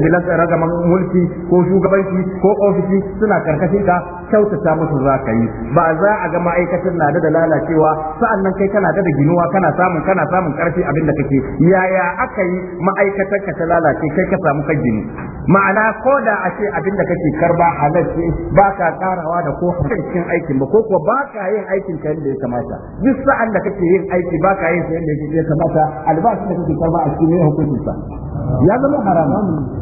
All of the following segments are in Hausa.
da tsara ragaman mulki ko shugabanci ko ofishi suna karkashin ka kyautata musu za ka yi ba za a ga ma'aikatan na da lalacewa sa'annan kai kana da ginuwa kana samun kana samun karfi abin da kake yaya aka yi ma'aikatar ka ta lalace kai ka samu kan gini ma'ana ko da a ce abin da kake karba halarci ba ka karawa da ko cikin aikin ba ko kuwa ba ka yin aikin ka yadda ya kamata duk sa'an da kake yin aiki ba ka yin sa yadda ya kamata albashin da kake karba a cikin hukuncinsa ya zama haramun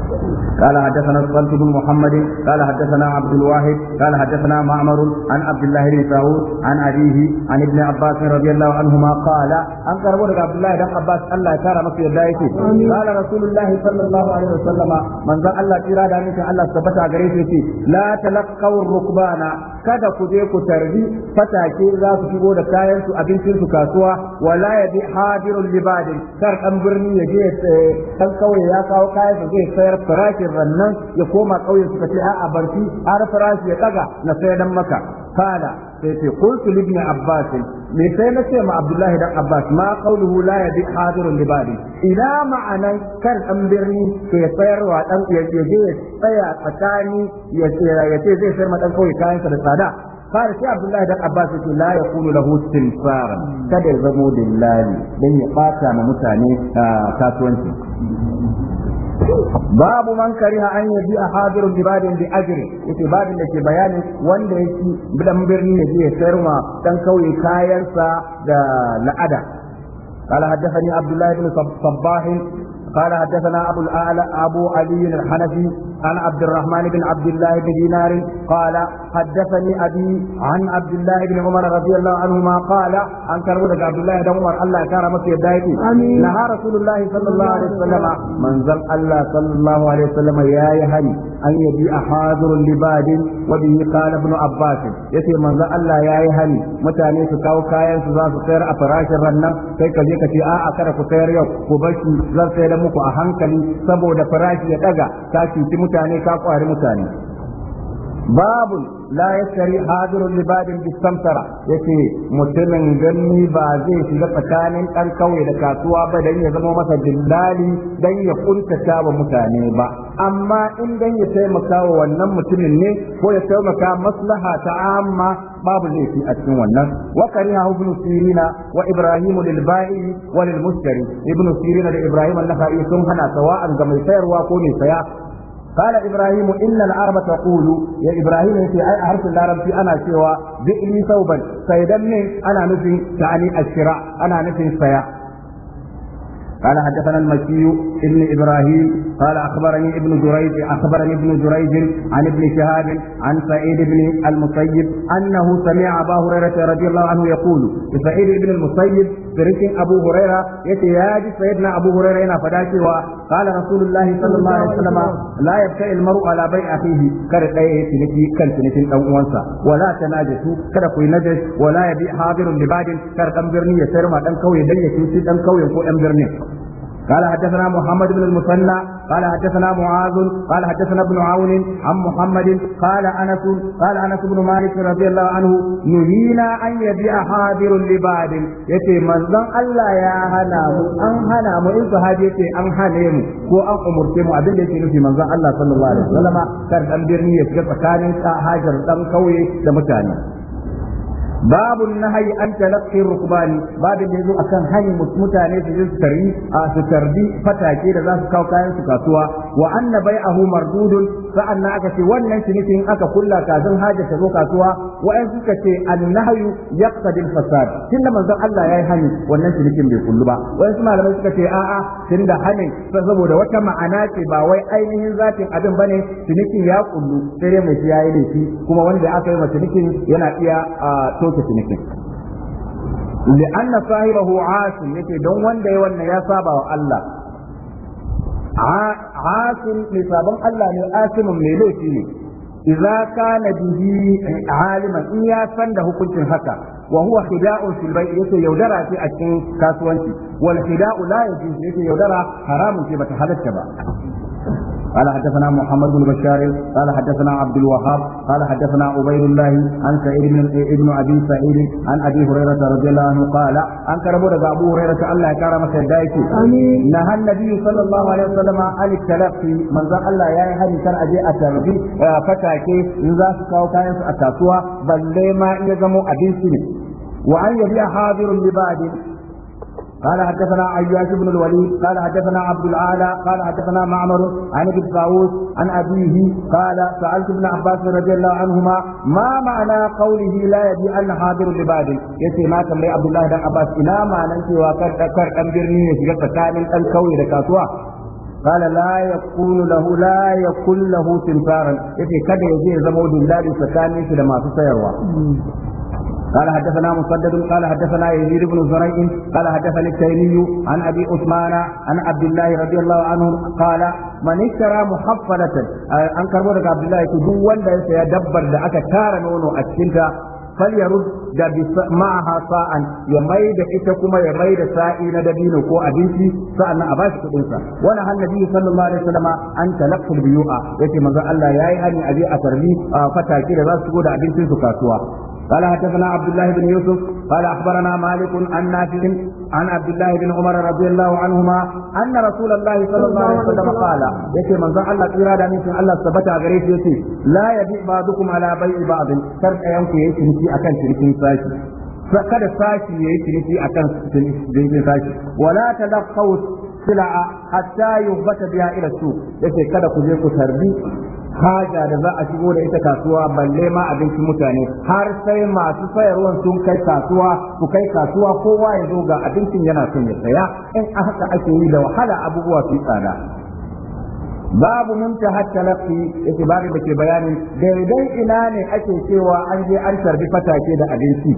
قال حدثنا صلت بن محمد قال حدثنا عبد الواحد قال حدثنا معمر عن عبد الله بن داود عن أبيه عن ابن عباس رضي الله عنهما قال أن كربون عبد الله بن عباس الله يسار مصير دايتي قال رسول الله صلى الله عليه وسلم من ذا الله إرادة منك الله ثبت غريسي لا تلقوا الركبان kada ku je ku tarbi fatake za su shigo da kayan su abincin su kasuwa wala ya bi hadirul libadin kar dan birni ya je dan kauye ya kawo kayan su zai sayar farashin rannan ya koma ƙauyen suka ce a barci har farashi ya ɗaga na sai dan maka kala sai ce qultu abbas me sai na ce ma abdullahi dan abbas ma qawluhu la yabi hadirun li bali ina ma'anan kar dan birni to ya dan ya je ya tsaya tsakani ya ce zai sayar ma dan kauye kayansa da tsada قال Abdullahi عبد Abbas abbas عباس لا يكون lahu استنفارا kada ya zamo dillali dan ya fata ma mutane ah, kasuwanci babu man kariha an yabi a hadirun bibadin bi ajiri yace babin da ke bayani wanda ya ci dan birni da je ya sayar ma dan kauye kayansa da la'ada قال حدثني عبد الله بن صباح قال حدثنا ابو الاعلى ابو علي الحنفي عن عبد الرحمن بن عبد الله بن دينار قال حدثني أبي عن عبد الله بن عمر رضي الله عنهما قال عن كربونك عبد الله بن عمر الله كان مسيح دايتي نهى رسول الله صلى الله عليه وسلم من زل الله صلى الله عليه وسلم يا يهني أن يبيع حاضر لباد وبه قال ابن عباس يتي من زل الله يا يهني متى نيسو كاو كاين سزاز خير أفراش الرنم كيكا جيكا في آآ كرك خير يو كبشي زل سيدمك أهنكلي سبو دفراش يتغى كاشي تمت mutane ka kwari mutane babu la yasari hadirun libadin bisamsara yace mutumin ganni ba zai shiga tsakanin ɗan kauye da kasuwa ba dan ya zama masa dillali dan ya kuntata wa mutane ba amma in ya taimaka wa wannan mutumin ne ko ya taimaka maslaha ta amma babu fi a cikin wannan wa kariha ibn sirina wa ibrahim lil ba'i wa lil mushtari ibn sirina da ibrahim an-nakhai sun hana sawa'an ga mai sayarwa ko mai saya قال إبراهيم إن العرب تقول يا إبراهيم في أي حرف العرب في أنا سوى بئني ثوبا سيدني أنا نفي تعني الشراء أنا نفي السياء قال حدثنا المكي ابن ابراهيم قال اخبرني ابن جريج اخبرني ابن جريج عن ابن شهاب عن سعيد بن المسيب انه سمع ابا هريره رضي الله عنه يقول لسعيد بن المسيب sirikin Abu Huraira yace ya ji na Abu Huraira yana fada cewa qala Rasulullah sallallahu alaihi wasallam la yabta'i al-mar'u ala bai'i akhihi kar daya ya ciniki kan cinikin dan uwansa wala tanajatu kada ku yi najas wala ya yabi hadirun libadin kar ɗan birni ya sayar ma ɗan kauye dan ya cuci ɗan kauyen ko dan birnin قال حدثنا محمد بن المثنى قال حدثنا معاذ قال حدثنا ابن عون عن محمد قال انس قال انس بن مالك رضي الله عنه نهينا ان يبيع حاضر لباد yace manzon Allah ya hana mu an hana mu in sahabi yace an hane mu ko an umurce mu abin da yake nufi manzon Allah sallallahu alaihi wasallam kar dan birni ya shiga tsakanin hajar dan kauye da mutane babu nahyi an babu rukbani babin da yazo akan hani mutane su je su tarbi a su tarbi fatake da za su kawo kayan su kasuwa wa Humar Dudun, sa'an na aka ce wannan cinikin aka kulla kazan haja ta zo kasuwa wa ai suka ce annahyu yaqtadi al-fasad tunda manzon Allah ya yayi hani wannan cinikin bai kullu ba wa ai malamai suka ce a'a tunda hanin saboda wata ma'ana ce ba wai ainihin zatin abin ba ne, cinikin ya kullu sai dai mai yayi laifi kuma wanda aka yi wa cinikin yana iya to sauke cinikin li'anna sahibahu asim yace don wanda ya wannan ya saba wa Allah asim mai sabon Allah ne asimin mai laifi ne idza kana bihi aliman in ya san da hukuncin haka wa huwa khida'un fil bai yace yaudara ce a cikin kasuwanci wal khida'u la yajuzu yace yaudara haramun ce bata halatta ba قال حدثنا محمد بن بشار قال حدثنا عبد الوهاب قال حدثنا عبيد الله عن سعيد بن ابن ابي سعيد عن ابي هريره رضي الله عنه قال ان كربوا دغ ابو هريره الله يكرم سيدايك نهى النبي صلى الله عليه وسلم عن التلقي من ذا الله يا هذه كان اجي اتربي فتاكي ان ذا كاو كاين a kasuwa balle ma iya zamo abinci ne wa an yabi hadirun libadin قال حدثنا عياش بن الوليد قال حدثنا عبد الاعلى قال حدثنا معمر عن ابي طاووس عن ابيه قال سالت ابن عباس رضي الله عنهما ما معنى قوله لا يبيع الحاضر لباد yace na tambayi Abdullahi dan Abbas ina ma'anan cewa kar kar dan birni ne shiga tsakanin dan kauye da kasuwa قال لا يكون له لا يكون له تنفارا yace kada yaje ya zama dillali tsakanin shi da masu sayarwa قال حدثنا مسدد قال حدثنا يزيد بن زريع قال حدثني التيمي عن ابي عثمان عن عبد الله رضي الله عنه قال من اشترى محفلة an karbo daga Abdullahi to duk wanda ya saya dabbar da aka tara nono a cikinta falyarud da ma'aha sa'an ya mai da ita kuma ya mai da sa'i na dabino ko abinci sa'annan a bashi kudin sa wala han nabi sallallahu alaihi wasallam an Ya biyu'a yace manzo Allah yayi hani a je a tarbi fataki da za su shigo da abincin su kasuwa قال حدثنا عبد الله بن يوسف قال اخبرنا مالك عن نافع عن عبد الله بن عمر رضي الله عنهما ان رسول الله صلى الله عليه وسلم قال يكي من زعل الله إرادة من الله ثبت غريب يتي لا يبيع بعضكم على بيع بعض كرد أيامك يتنسي أكل تنسي ساشي kada sashi ya yi ciniki a kan sashi wala ta da sila'a hatta yuhbata biya ila su yace kada ku je ku tarbi haja da za a shigo da ita kasuwa balle ma abinci mutane har sai masu sayarwan sun kai kasuwa ku kai kasuwa kowa ya zo ga abincin yana son ya saya in haka ake yi da wahala abubuwa su tsada babu hatta talaqi yake babu da ke bayani daidai ina ne ake cewa an je an tarbi fatake da abinci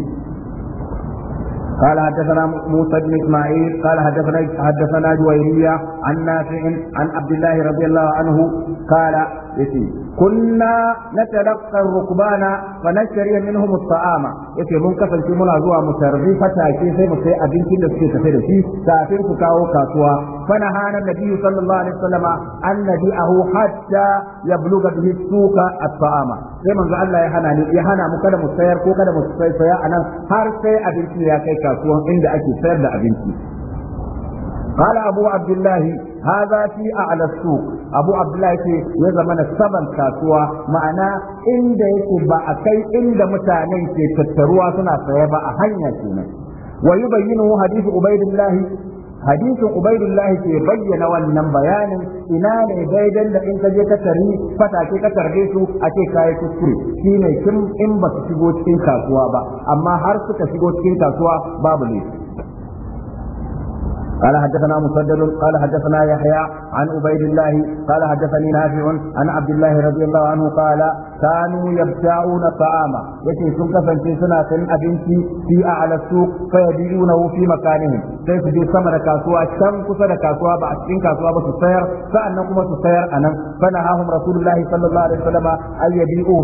قال حدثنا موسى بن اسماعيل قال حدثنا حدثنا جويرية عن نافع عن عبد الله رضي الله عنه قال yace kunna natalaqqa rukbana wa nashri minhum at-ta'ama yace mun kasance muna zuwa mu tarbi fatake sai mu sai abincin da suke tafe da shi kafin ku kawo kasuwa fana hana nabi sallallahu alaihi wasallama annabi ahu hatta yabluga bihi suqa at-ta'ama sai manzo Allah ya hana ni ya hana mu kada mu sayar ko kada mu saya anan har sai abinci ya kai kasuwan inda ake sayar da abinci قال أبو عبد الله hadha fi a'la suq abu abdullahi ce ya zama na saban kasuwa ma'ana inda yake ba a kai inda mutanen ke tattaruwa suna saya ba a hanya kenan wa yubayyinu hadithu ubaidillahi hadisin ubaidullahi ke bayyana wannan bayanin ina ne daidan da in ka je ka tari fatake ka su a ce kayi kuskure shine kin in ba su shigo cikin kasuwa ba amma har suka shigo cikin kasuwa babu ne قال حدثنا مسدد قال حدثنا يحيى عن عبيد الله قال حدثني نافع عن عبد الله رضي الله عنه قال كانوا يبتاعون الطعام يتي سن كفنتي سنا في السوق فيبيعونه في مكانهم sai su je sama da kasuwa can kusa da kasuwa ba a cikin kasuwa ba su sayar sa'annan kuma su sayar anan fana hahum rasulullahi sallallahu alaihi wasallam al yabi'u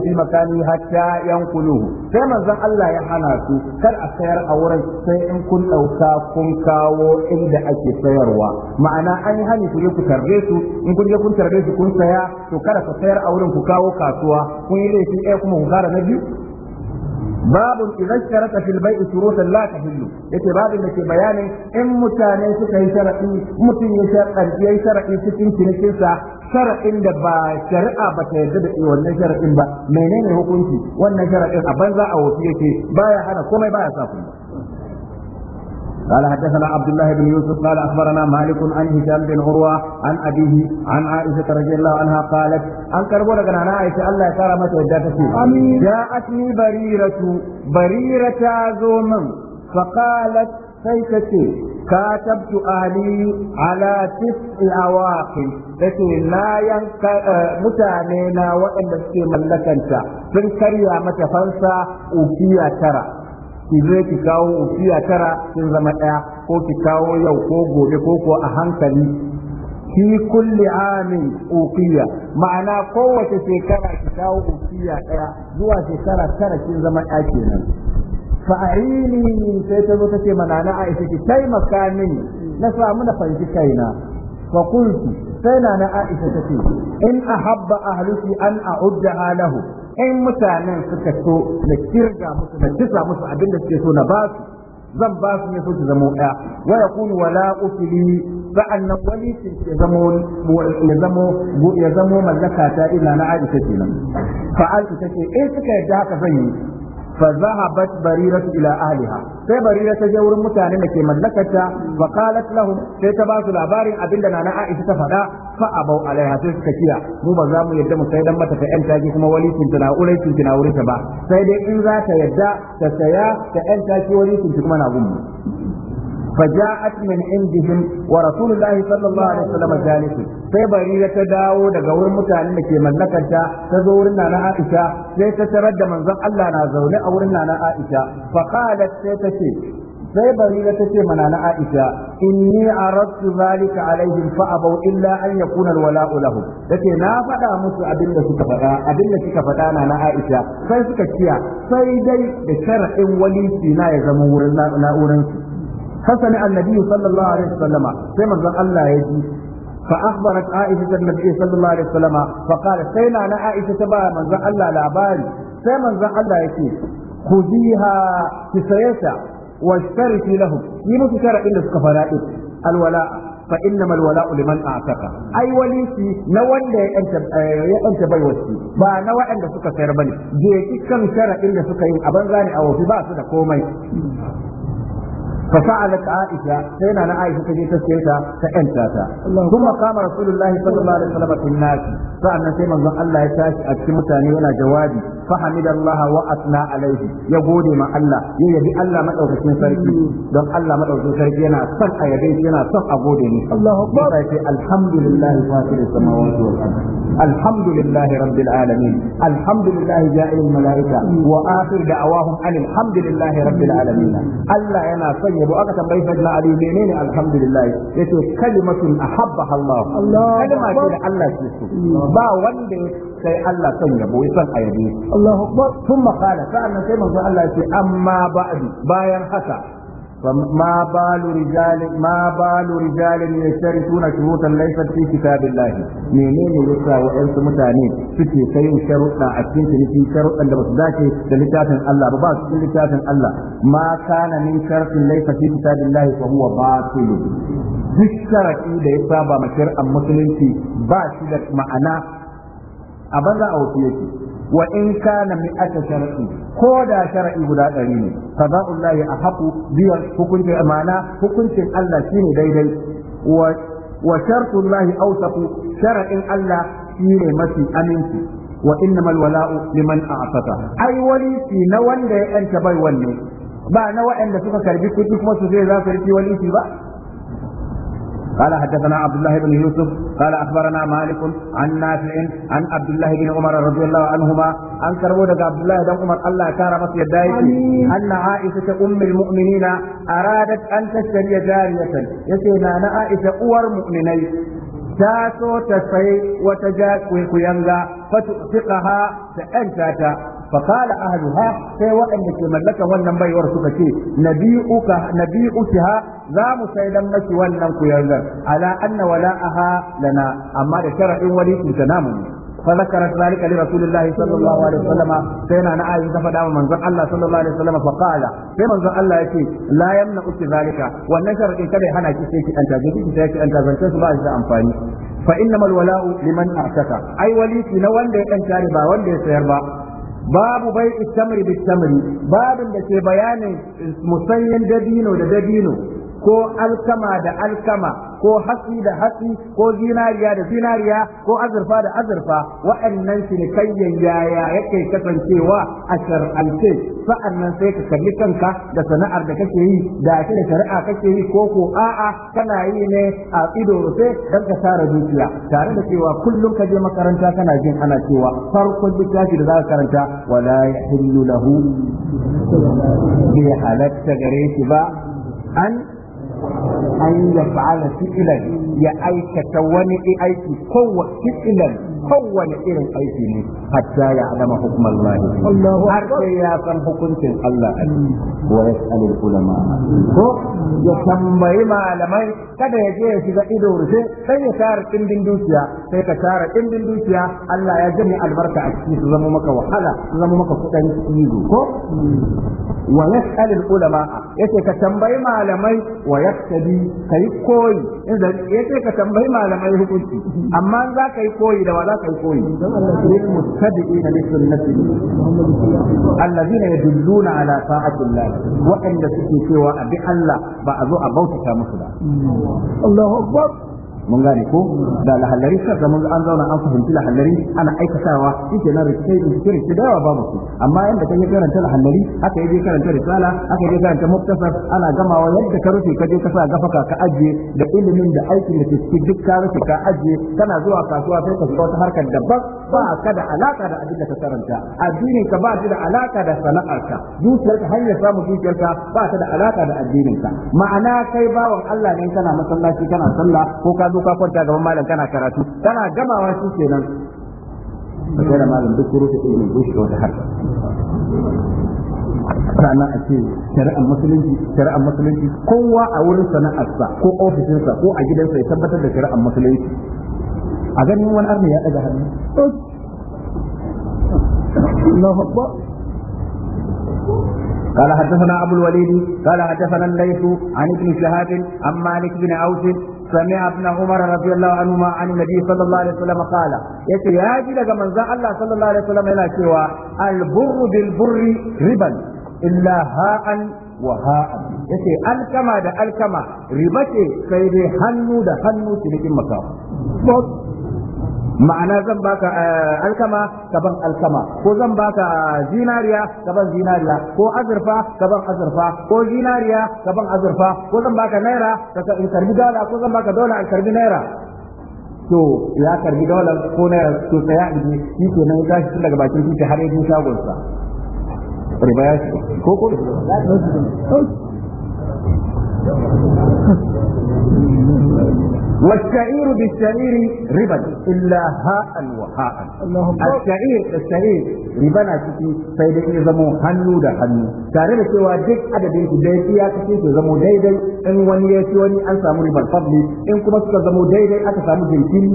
sai manzon Allah ya hana su kar a sayar a wurin sai in kun inda ake sayarwa ma'ana an tarbe su in kun je kun tarbe su kun saya to kada ku sayar a wurin ku kawo kasuwa kun yi laifin ɗaya kuma ku gara na biyu babu idan sharata fil bai'i shurutan la tahillu yace babu da ke bayanin in mutane suka yi sharadi mutum ya sharadi ya sharadi cikin cinikin sa sharadin da ba shari'a ba ta yarda da wannan sharadin ba menene hukunci wannan sharadin a banza a wofi yake baya hana komai baya sa kuma قال حدثنا عبد الله بن يوسف قال اخبرنا مالك عن هشام بن عروه عن ابيه عن عائشه رضي الله عنها قالت عن كربو daga nana Aisha Allah ya kara mata yadda take ja'atni bariratu barirata zo min faqalat sai tace كاتبت أهلي على تسع أواخر لكن لا ينك متانينا وإن السيم لكنت في الكريامة فانسا أوكيا ترى ki zo ki kawo ufiya tara sun zama ɗaya ko ki kawo yau ko gobe ko ko a hankali fi kulli amin uqiya ma'ana kowace shekara ki kawo uqiya daya zuwa shekara tara kin zama ɗaya kenan fa aini sai ta zo ta ce mana na Aisha ki taimaka mini na samu na fanci kaina fa qultu sai na na Aisha ta ce in ahabba ahluki an a'udda lahu in mutanen suka so na kirga musu na kisa musu abin da suke so na ba su zan ba su ne so su zama ɗaya wa yakunu wala ufili sa'annan wani shi ya zamo ya zamo ya zamo mallaka ta ina na Aisha kenan fa Aisha ce in eh, suka yadda haka zan yi فذهبت بريرة إلى أهلها sai barira ta je wurin mutane da ke mallakarta wa qalat lahum sai ta ba su labarin abin da nana Aisha ta faɗa fa abau alaiha sai suka kiya mu ba za mu yadda mu sai dan mata ta yan taki kuma wali kin tana kin tana wurin ta ba sai dai in za ta yadda ta saya ta yan taki wali kin kuma na gumu فجاءت من عندهم ورسول الله صلى الله عليه وسلم جالس sai barira ta dawo daga wurin mutanen da ke mallakarta ta zo wurin nana Aisha sai ta tarar da manzon Allah na zaune a wurin nana Aisha fa qalat sai ta ce sai barira ta ce mana na Aisha inni aradtu zalika alaihim fa abaw illa an yakuna alwala'u lahum tace na faɗa musu abin da suka faɗa abin da suka faɗa na Aisha sai suka kiya sai dai da shar'in walici na ya zama wurin na wurin su فسمع النبي صلى الله عليه وسلم كما الله يجي فأخبرت عائشة النبي صلى الله عليه وسلم فقالت سينا أنا عائشة با من ذا الله لاباري سي من ذا الله يكي خذيها تسيسا واشتركي لهم يموت شرع إلا الكفرائك الولاء فإنما الولاء لمن أعتق أي وليتي نوان لا يأنت بيوتي با نوى أن سكا سيربني جيتي كم شرع إلا سكا يوم أبنغاني أو في باسد كومي ففعلت عائشة سينا أنا عائشة تجي تسيرتا فأنتاتا ثم قام رسول الله صلى الله عليه وسلم في الناس فأنا سيما ظن الله يتاش أتمتاني ولا جوابي فحمد الله وأثنى عليه يقول ما الله يبي الله ما أوكسين سركي دم الله ما أوكسين سركي أنا صح أيدي أنا صح أقول الله أكبر الحمد لله فاتر السماوات والأرض الحمد لله رب العالمين الحمد لله جائل الملائكة وآخر دعواهم أن الحمد لله رب العالمين الله أنا صح yabo aka tambayi sayyidina ali menene alhamdulillah yace kalimatun ahabbaha Allah kalma ce da Allah ke so ba wanda sai Allah son yabo ya san a yabe Allahu akbar thumma qala sa'an sai manzo Allah ce amma ba'di bayan haka فما بال رجال ما بال رجال يشترطون شروطا ليست في كتاب الله منين يسا وانت متاني suke kai sharuɗa a cikin ciniki da basu dace da littafin Allah ba ba su cikin littafin Allah ma kana min sharfin laysa fi kitabillahi fa huwa batil duk sharadi da ya saba ma shar'an musulunci ba shi da ma'ana a banza a wasu yake wa in kana mi'ata shar'i ko da shar'i guda ɗari ne qada'ullahi ahaqu biyar hukuncin amana hukuncin Allah shine daidai wa wa shartullahi awsaqu shar'in Allah shine mafi aminci wa innamal wala'u liman a'tata ai wali na wanda ya yanta bai wanne ba na waɗanda suka karbi kuɗi kuma su zai za su riki ba قال حدثنا عبد الله بن يوسف قال اخبرنا مالك عن نافع عن عبد الله بن عمر رضي الله عنهما عن كربوده عبد الله بن عمر الله كان مسجد ان عائشه ام المؤمنين ارادت ان تشتري جاريه يسي نانا عائشه اور مؤمنين ta so ta sai wata ja kuyanga fatu fiqaha ta anta ta fa qala ahluha sai waɗanda ke mallaka wannan baiwar suka ce nabi'uka nabi'uha za mu saidan maki wannan kuyangar ala anna wala'aha lana amma da shar'in walikin ta namu ne فذكرت ذلك لرسول الله صلى الله عليه وسلم سينا انا عائشة فدا من زن الله صلى الله عليه وسلم فقال في من زن الله يكي لا يمنعك ذلك والنشر إن كده هنا كيسيك أنت جديد كيسيك أنت زنتس الله إذا أنفاني فإنما الولاء لمن أعتك أي وليك نوان دي أنت ربا وان دي سيربا babu bai istamri bitamri babin da ke bayanin musayyan dabino da dabino ko alkama da alkama ko hatsi da hatsi ko zinariya da zinariya ko azurfa da azurfa wa'annan kayyan yaya yake kasancewa a shar'ance nan sai ka kalli kanka da sana'ar da kake yi da ake da shari'a kake yi ko ko a'a kana yi ne a ido rufe don ka tara dukiya tare da cewa kullum ka je makaranta kana jin ana cewa farkon littafi da za ka karanta wala yahillu lahu bi halatta gare shi ba an an ya fa'ala fi'lan ya aikata wani aiki kowa fi'lan kowane irin aiki ne hatta ya Adama hukumar Allah har sai ya san hukuncin Allah mm. wa ya yas'alul ulama mm. ko ya tambayi malamai kada ya je ya shiga ido rufe sai ya tara dimbin dukiya sai ka tara dimbin dukiya Allah ya jami albarka a cikin su zama maka wahala su zama maka kudan ido ko mm. wa yas'alul ulama yace ka tambayi malamai wa ya yaktabi kai koyi yace ka tambayi malamai hukunci amma za ka yi koyi da wala kai koyi lil mustadiina li sunnati alladhina yadulluna suke cewa abi Allah ba a zo a bautata musu ba mun gane ko da lahallari sai mun an zauna an fahimci lahallari ana aikatawa yake na rikai in kiri da yawa babu su amma yanda kan karanta lahallari aka yi karanta risala aka yi karanta muktasar ana gamawa yadda ka rufe ka je ka sa gafaka ka ajiye da ilimin da aikin da ke duk ka rufe ka ajiye kana zuwa kasuwa sai ka shiga wata harkar daban ba ka da alaka da abin da ka karanta addinin ka ba shi da alaka da sana'arka dukiyarka hanyar samun dukiyarka ba ta da alaka da addinin ka ma'ana kai bawan Allah ne kana masallaci kana sallah ko ka zo zo ka kwanta gaban malam kana karatu kana gamawa shi kenan ka da malam duk rufe ilimin wata harka sannan a ce shari'ar musulunci shari'ar musulunci kowa a wurin sana'arsa ko ofishinsa ko a gidansa ya tabbatar da shari'ar musulunci a ganin wani arna ya daga hannu Allahu قال حدثنا أبو الوليد قال حدثنا الليث عن ابن شهاب عن مالك بن سمع ابن عمر رضي الله عنهما عن النبي صلى الله عليه وسلم قال يتي يا جل من الله صلى الله عليه وسلم إلى شوى البر بالبر ربا إلا هاء وهاء يتي الكما ده الكما ربا sai dai hannu da hannu cinikin makawa ma'ana zan baka eh, alkama ka ban alkama ko zan baka eh, zinariya ka ban zinariya ko azurfa ka ban azurfa ko zinariya ka ban azurfa ko zan baka naira ka in karbi dala ko zan baka dola a karbi naira to ya karbi dala ko naira to tsaya in ji shi ke nan ya tun daga bakin titi har yanzu shagonsa riba ya shi ko ko والشعير بالشعير ربا إلا هاء وهاء الشعير الشعير ربنا تكي سيد يزمو هنو دا هنو تعرف سوى ديك عدد ديكيا تكي يزمو ديدي إن وني يسوني أن سامو ربا الفضل إن كما تزمو ديدي أكا سامو جنكين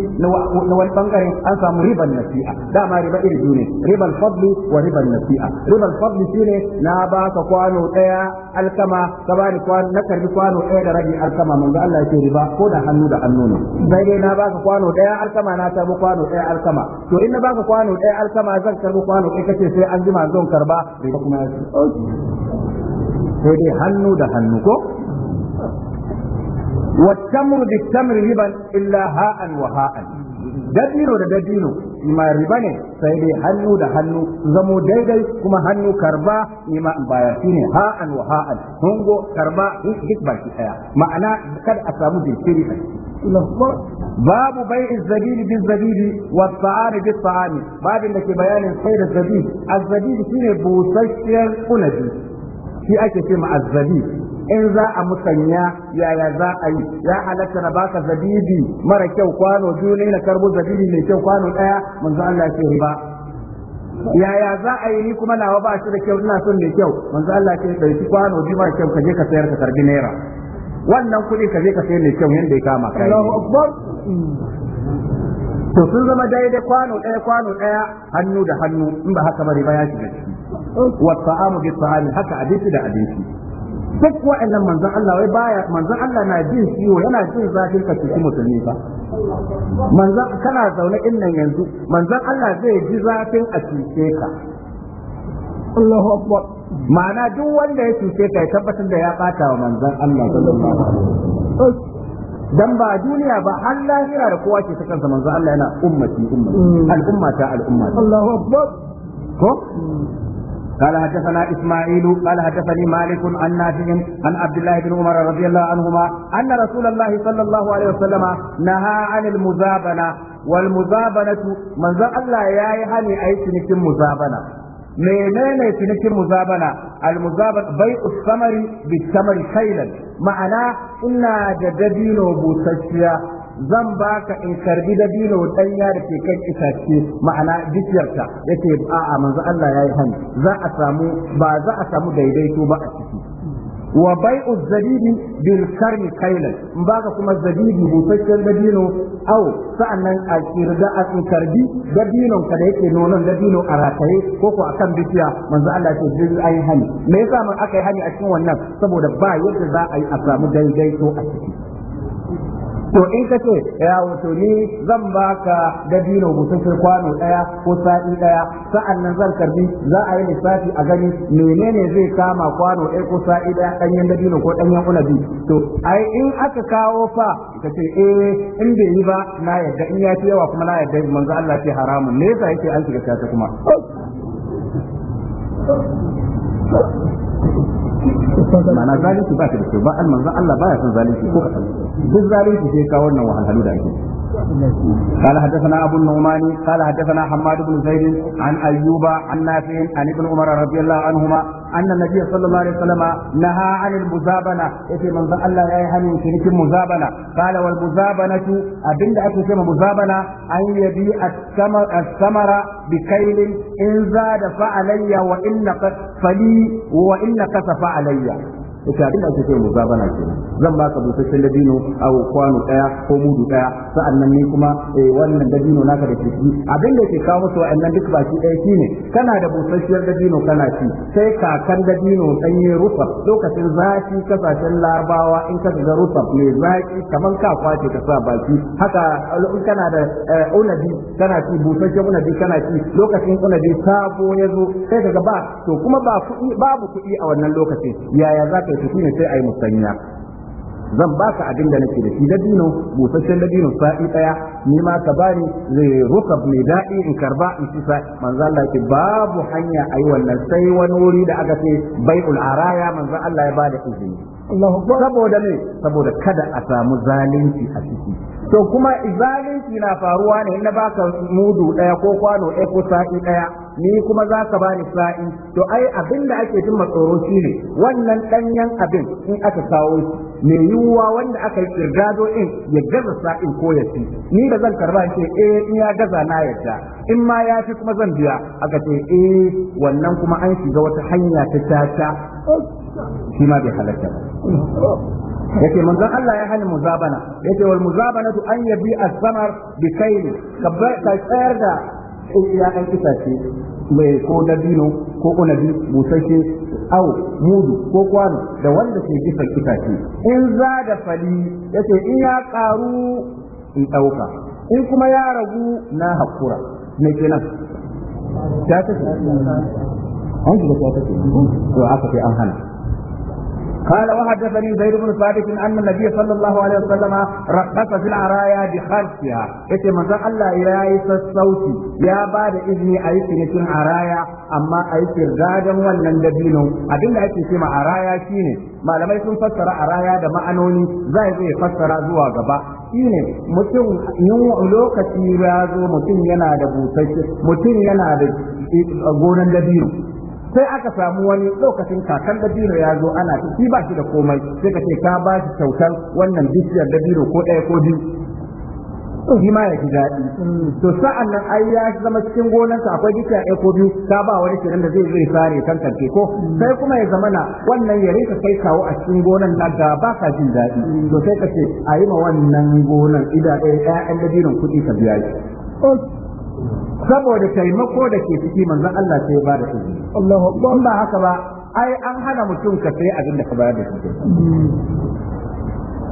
نو البنكري أن سامو ربا النسيئة دا ما ربا إلي ربا الفضل وربا النسيئة ربا الفضل سيني نابا سقوانو تيا alkama ka bani kwano na karbi kwano ɗaya da rabi alkama manzo Allah ya ce riba ko da hannu da hannu ne sai dai na baka kwano ɗaya alkama na karbi kwano ɗaya alkama to in na baka kwano ɗaya alkama zan karbi kwano ɗaya kace sai an jima zan karba riba kuma ya sai dai hannu da hannu ko والتمر بالتمر ربا إلا هاء وهاء dabino da dabino ma riba ne sai dai hannu da hannu zamo daidai kuma hannu karba ima baya ne ha'an wa ha'an hongo karba duk baki daya ma'ana kada a samu jinkiri a babu bai'iz zabidi bin zabidi wa ta'ani bi ta'ani babin da ke bayanin sai da zabidi azzabidi shine busasshiyar kunabi shi ake ce ma azzabi in za a musanya yaya za a yi ya halatta na baka zabibi mara kyau kwano biyu ne na karbo zabibi mai kyau kwano daya manzo Allah ce riba yaya za a yi ni kuma nawa ba shi da kyau ina son mai kyau manzo Allah ce dauki kwano biyu mara kyau ka je ka sayar ka karbi naira wannan kuɗi ka je ka sayar mai kyau yanda ya kama kai Allahu akbar to sun zama daidai kwano ɗaya kwano ɗaya hannu da hannu in ba haka ba riba ya shiga ciki wa ta'amu bi ta'ami haka abinci da abinci duk wa'annan manzon Allah wai baya manzon Allah na jin ciwo yana jin zafin ka cikin musulmi ba manzon kana zaune in nan yanzu manzon Allah zai ji zafin a cike ka Allahu akbar ma'ana duk wanda ya cuce ka ya tabbatar da ya bata wa manzon Allah sallallahu alaihi wasallam dan ba duniya ba har lahira da kowa ke ta kansa manzon Allah yana ummati ummati hmm. al'umma ta al'umma Allahu akbar ko قال حدثنا اسماعيل قال حدثني مالك عن نافع عن عبد الله بن عمر رضي الله عنهما ان رسول الله صلى الله عليه وسلم نهى عن المزابنه والمزابنه من ذا الله يا يهني اي تنكين مزابنه menene cinikin muzabana almuzaban bai samari bi samari kailan ma'ana ina da dabino busasshiya zan baka in karbi da dino danya da ke kan itace ma'ana bishiyarta yace a manzo Allah yayi hani za a samu ba za a samu daidaito ba a ciki wa bai'u zabibi bil karmi kailan in baka kuma zabibi da dino au sa'annan a kirga a karbi dabinon ka da yake nonon dabino a rataye ko ko akan bishiya manzo Allah ce jin yi hani me yasa mun aka yi hani a cikin wannan saboda ba yadda za a yi a samu daidaito a ciki to in ka ce ya wato ni zan baka dabino sai kwano daya ko sa'i daya sa'an nan zan karbi za a yi lissafi a gani menene zai kama kwano ɗaya ko sa'i daya ɗanyen dabino ko ɗanyen ulabi to ai in aka kawo fa ka ce eh in bai yi ba na yadda in ya fi yawa kuma na yadda manzo Allah ce haramun me yasa yake an shiga ta kuma mana zalunci ba ta da kyau ba manzon Allah baya son zalunci ko duk zalunci sai ka wannan wahalhalu da ake قال حدثنا أبو النعمان قال حدثنا حماد بن زيد عن أيوب عن نافع عن ابن عمر رضي الله عنهما أن النبي صلى الله عليه وسلم نهى عن المزابنة في من ذا الله يهني في المزابنة قال والمزابنة أبن أكي كما مزابنة أن يبيع الثمر, الثمر بكيل إن زاد فعلي وإن فلي وإن كسف علي ita abin da ake cewa muzabana ke zan baka busasshen dabino a kwano daya ko mudu daya sa'annan ni kuma eh wannan dabino naka da ciki abin da ke kawo musu wa'annan duk baki daya shine kana da busasshiyar dabino kana ci sai kakan dabino yi rufa lokacin zafi kasashen larabawa in ka ga rufa ne zaki kaman ka kwace ka sa baki haka in kana da eh, unabi kana ci busasshen unabi kana ci lokacin unabi sabo ya zo sai ga ba to kuma ba kuɗi babu kuɗi a wannan lokacin yaya za ka da su sai a yi musanya zan baka abin da nake da shi dabino busasshen dabino sa'i ɗaya ni ma ka bani zai rukab mai daɗi in karba in ci sa'i manzo Allah babu hanya ayi wannan sai wani wuri da aka ce bai'ul araya manzo Allah ya da izini saboda me saboda kada a samu zalunci a ciki to kuma zalunci na faruwa ne na baka mudu daya ko kwano ɗaya ko sa'i daya ni kuma za ka bani sa'i to ai abin da ake jin matsoro shine wannan danyen abin in aka kawo shi me yiwuwa wanda aka yi kirgado in ya gaza sa'in ko ya ci ni da zan karba ce eh in ya gaza na yadda in ma ya fi kuma zan biya aka ce eh wannan kuma an shiga wata hanya ta tata shi ma bai halatta ba yake manzon Allah ya hana muzabana yake wal tu an yabi as-samar bi kayl ka tsayar da ya kan ce mai ko dabino ko dino busasshe au mudu ko kwano da wanda ke kisa ce in za da fali Yake in ya karu in dauka in kuma ya ragu na hakura me kenan ta ta an ji ta ta to aka kai an hana قال وحدثني زيد بن ثابت ان النبي صلى الله عليه وسلم رقص في العرايا yi اتي من الله الى الصوت يا بعد اذني اي araya عرايا اما اي سردادا wannan dabino abin da ake ce ma araya shine malamai sun fassara araya da ma'anoni zai zai fassara zuwa gaba shine mutum yunwa lokaci ya zo mutum yana da busasshe mutum yana da gonan dabino sai aka samu wani lokacin kakan dabino ya zo ana ci shi ba shi da komai sai ka ce ka ba shi kyautar wannan bishiyar dabino ko ɗaya ko biyu to shi ma ya ji daɗi to sa'an nan ai ya zama cikin gonarsa akwai bishiya ɗaya ko biyu ka ba wani shirin da zai zai sare kan ko sai kuma ya zama na wannan ya rika kai kawo a cikin gonan na ga ba ka jin daɗi to sai ka ce a yi ma wannan gonan ida ɗaya ɗayan dabinon kuɗi ka biya shi saboda taimako da ke ciki manzon Allah sai ya ba da izini Allahu akbar ba haka ba ai an hana mutum ka sai abin da ka bayar da shi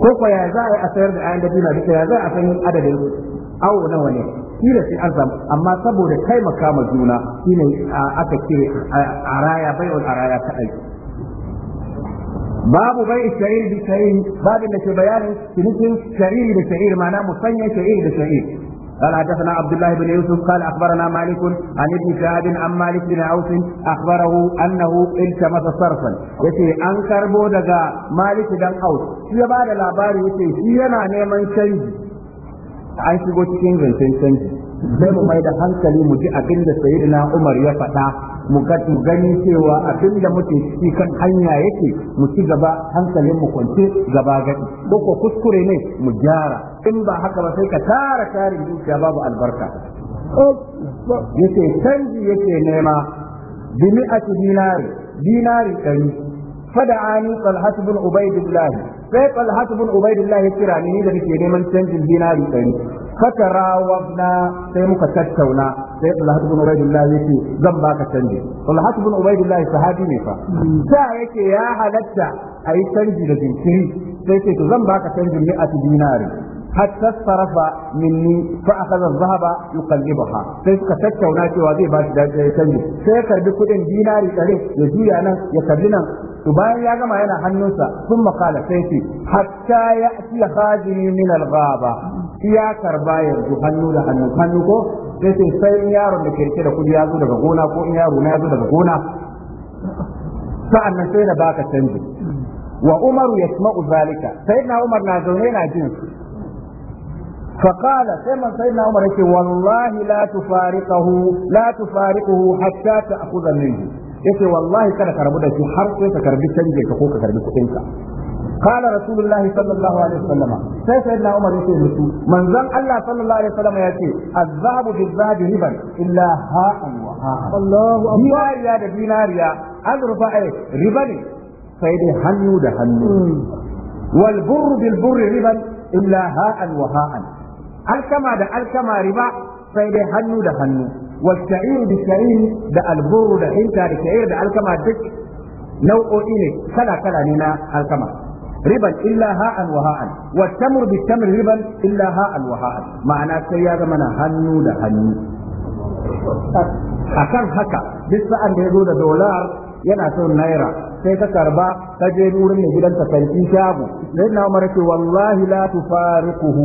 ko ko ya za a sayar da ayan da dina duka ya za a san adadin awo nawa ne shi sai shi azam. amma saboda taimaka ma juna shine aka kire araya bai'ul araya ta aiki babu bai sha'ir bi sha'ir babu da ke bayanin cinikin sha'ir da sha'ir ma'ana musanya sha'ir da sha'ir قال حدثنا عبد الله بن يوسف قال اخبرنا مالك عن ابن شهاب عن مالك بن عوف اخبره انه التمس صرفا يتي ان كربو دغا مالك دان عوف شي بعد labari yace shi yana neman canji an shigo cikin zancen canji sai mu mai da hankali mu ji abin da sayyidina Umar ya faɗa mu gani cewa abin da muke ciki kan hanya yake mu ci gaba hankalin mu kwance gaba gadi ko kuskure ne mu gyara in ba haka ba sai ka tara tarin dukiya babu albarka yace canji yake nema bi mi'ati dinari dinari fada ani talhat bin ubaidillah sai talhat bin ubaidillah ya kira ni da nake neman canjin dinari ɗari fatarawabna sai muka tattauna sai Allah ibn Ubaydullah yake zan baka canji Allah ibn Ubaydullah sahabi ne fa da yake ya halatta a yi canji da jinkiri sai ce to zan baka canjin mi'ati dinari hatta sarafa minni fa akhadha adh-dhahaba yuqallibaha sai suka tattauna cewa zai ba shi dace canji sai ya karbi kudin dinari tare ya juya nan ya karbi nan to bayan ya gama yana hannunsa sun makala sai ce hatta ya hadini min al-ghaba ya karba yanzu hannu da hannu hannu ko sai sai sai yaro da ke da kudi ya zo daga gona ko in yaro na ya zo daga gona sa'annan sai na baka canji wa umaru yasma'u zalika sayyidina umar na zaune na jin فقال سيما سيدنا عمر والله لا تفارقه لا تفارقه حتى تأخذ منه yace wallahi kada ka rabu da shi har sai ka karbi canjin ko ka karbi kuɗin قال رسول الله صلى الله عليه وسلم sai sayyidina Umar yake musu manzon Allah sallallahu alaihi wasallam ya ce azhabu bizahabi riban illa ha'an wa ha'an Allahu akbar da dinariya azrufa ai riban sai hannu da hannu wal burru riban illa ha'an wa ha'an alkama da alkama riba sai hannu da hannu والشعير بالشعير ده البر ده انت ده الشعير الكما duk nau'o'i ne kala kala ne na alkama riban illa ha'an wa ha'an wa tamr bi tamr riban illa ha'an wa ha'an ma'ana sai ya zama na hannu da hannu akan haka duk sa'an da ya zo da dolar yana son naira sai ka karba ka je wurin mai gidan gidanka kan shago sai na umar ce wallahi la tufariquhu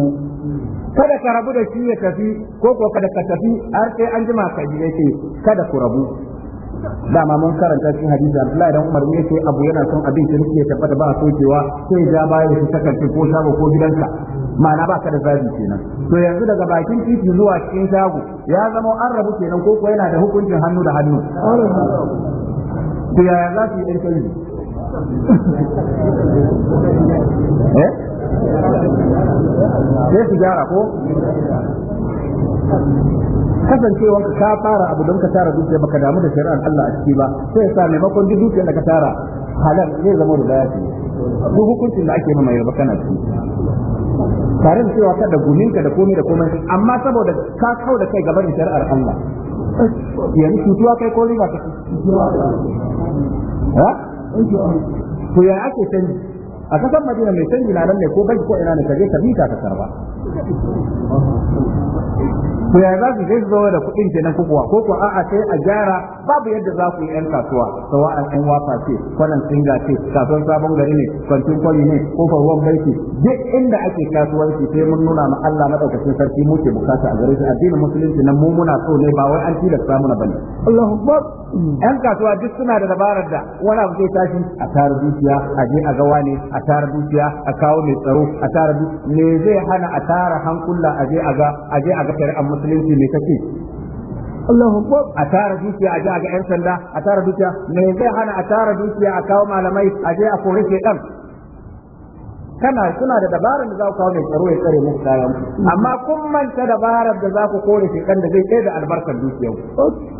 kada ka rabu da shi ya tafi ko ko kada ka tafi har sai an jima ka je kada ku rabu dama mun karanta cikin hadisi Abdullahi dan Umar ne sai abu yana son abin shi ne tabbata ba cewa sai ya bayar shi takarci ko shago ko gidanka ma'ana ba ka da zabi kenan to yanzu daga bakin titi zuwa cikin shago ya zama an rabu kenan ko kuwa yana da hukuncin hannu da hannu to yaya za su yi ɗan canji eh sai su gyara ko kasancewa ka fara abu don ka tara dukiya baka damu da shari'ar Allah a ciki ba sai sa maimakon duk dukiya da ka tara halal zai zama da dafi duk hukuncin da ake mamaye ba kana ciki tare da cewa kada guminka da komai da komai amma saboda ka kau da kai gaban shari'ar Allah yanzu cutuwa kai ko riba ka ha to ya ake canji a kasan Madina mai canji na nan ne ko bai ko ina ne kaje ka mita ka karba to ya za su je su zama da kuɗin kenan nan kuwa ko ku a'a sai a gyara babu yadda za ku yi yan kasuwa sawa an yan wafa ce kwanan singa ce kasuwar sabon gari ne kwantin kwari ne ko ruwan baiti duk inda ake kasuwanci sai mun nuna ma Allah madaukakin sarki muke bukata a gare shi addinin musulunci nan mu muna so ne ba wai an tilasta mana bane Allahu Akbar yan kasuwa duk suna da dabarar da wani abu zai tashi a tara dukiya a je a ga wani a tara dukiya a kawo mai tsaro a tara me zai hana a tara hankula a je a ga a je a ga musulunci me kake Allahu akbar a tara dukiya a je a ga yan sanda a tara dukiya me zai hana a tara dukiya a kawo malamai a je a kore dan kana suna da dabarar da za ku kawo mai tsaro ya tsare muku kayan amma kun manta dabarar da za ku kore dan da zai kai da albarkar dukiyar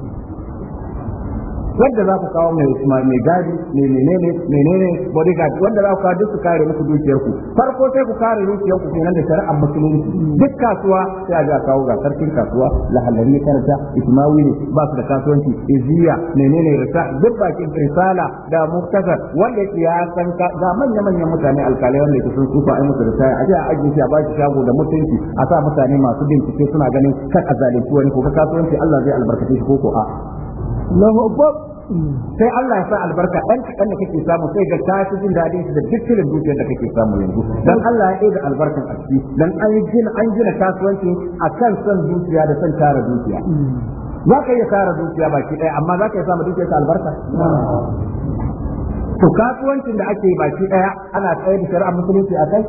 wanda za ku kawo mai usman mai gadi mai menene menene bodyguard wanda za ku kawo duk su kare muku dukiyar ku farko sai ku kare dukiyar ku kenan da shari'a musulunci duk kasuwa sai a ga kawo ga sarkin kasuwa lahallari ne karanta ismawi ne ba su da kasuwanci iziya menene risa duk bakin risala da muktasar wanda yake ya san ga manya manyan mutane alkalai wanda yake sun tsufa ai musu risala a a ajiye shi a ba shi shago da mutunci a sa mutane masu bincike suna ganin kan a zalunci wani ko kasuwanci Allah zai albarkace shi ko ko a Allahu sai Allah ya sa albarka dan kadan da kake samu sai ga tashi jin dadin da dukkan dukiyar da kake samu yanzu dan Allah ya da albarkan a ciki dan an gina an gina kasuwanci akan son dukiya da son tara dukiya hmm. za ka iya tara dukiya baki ɗaya amma za ka iya samu dukiyar albarka hmm. to kasuwancin da ake baki daya ana tsaye da shari'a musulunci a kai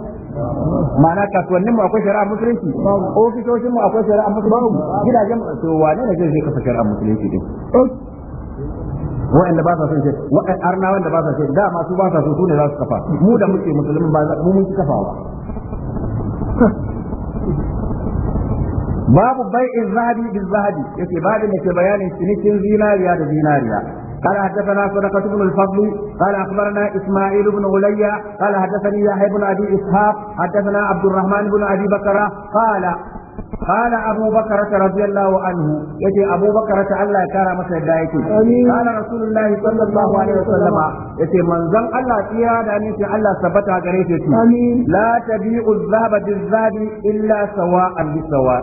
ma'ana kasuwannin mu akwai shari'a musulunci ofisoshin mu akwai shari'a musulunci gidajen to wane ne zai kafa shari'a musulunci din wa'anda ba sa son shi wa'an arna wanda ba sa shi da masu ba sa so su ne za su kafa mu da muke musulmin ba mu mun kafawa babu bai'in zahabi bil zahabi yake babu ne ke bayanin cinikin zinariya da zinariya قال حدثنا صدقة بن الفضل قال أخبرنا إسماعيل بن علي قال حدثني يحيى بن أبي إسحاق حدثنا عبد الرحمن بن أبي بكر قال قال أبو بكرة رضي الله عنه يتي أبو بكرة الله كان مثل دايتي قال رسول الله صلى الله عليه وسلم يتي من زم الله فيها دانيتي الله ثبتها قريتي لا تبيع الذهب بالذهب إلا سواء بسواء